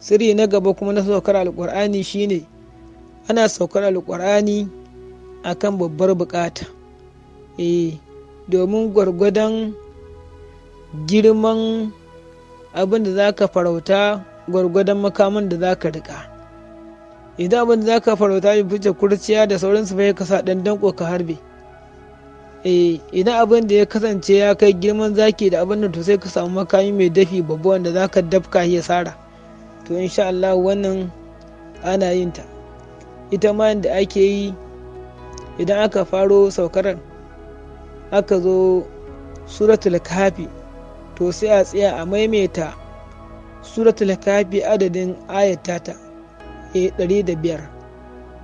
sirri na gaba kuma na saukar alkur'ani shine ana saukar alkur'ani a kan babbar bukata e domin gwargwadon girman abin da za ka farauta gwargwadon makaman da za ka rika idan abin da za ka farauta ya fice kurciya da sauransu fa ya kasa ɗan danko ka harbe eh, idan abin da ya kasance ya kai girman zaki da abin da to sai ka samu makami mai dafi babban wanda za ka dafka ya sara to insha Allah wannan ana yin ta ita ma da ake yi idan aka faro saukar aka zo suratul kafi to sai a tsaya a maimaita suratul kafi adadin ayatata e 105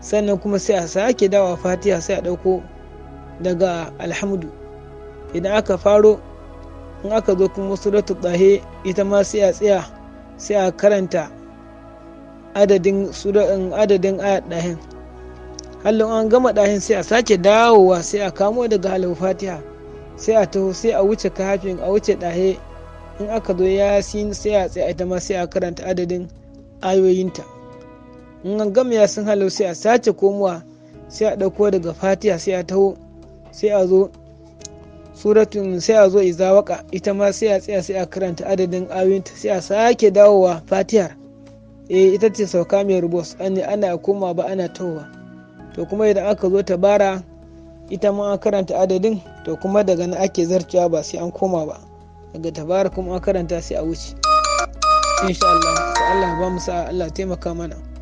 sannan kuma sai a sake dawa fatiha sai a ɗauko daga alhamdu idan aka faro in aka zo kuma suratul tsahe ita ma sai a tsaya sai a karanta adadin adadin ayat ɗahin hallon an gama ɗahin sai a sake dawowa sai a kamo daga halin fatiha sai a taho sai a wuce kafin a wuce ɗahe in aka zo yasin sai a tsaye ita ma sai a karanta adadin ayoyinta in an gama yasin halau sai a sace komowa sai a ɗauko daga fatiha sai a taho sai a zo suratun sai a zo iza waka ita ma sai a tsaya sai a karanta adadin awinta sai a sake dawowa fatihar e eh, ita ce sauka mai rubos ani ana koma ba ana towa to kuma idan aka zo tabara ita ma an karanta adadin to kuma daga nan ake zarcewa ba sai an koma ba daga tabara kuma an karanta sai a wuce insha Allah Allah ba mu sa'a Allah taimaka mana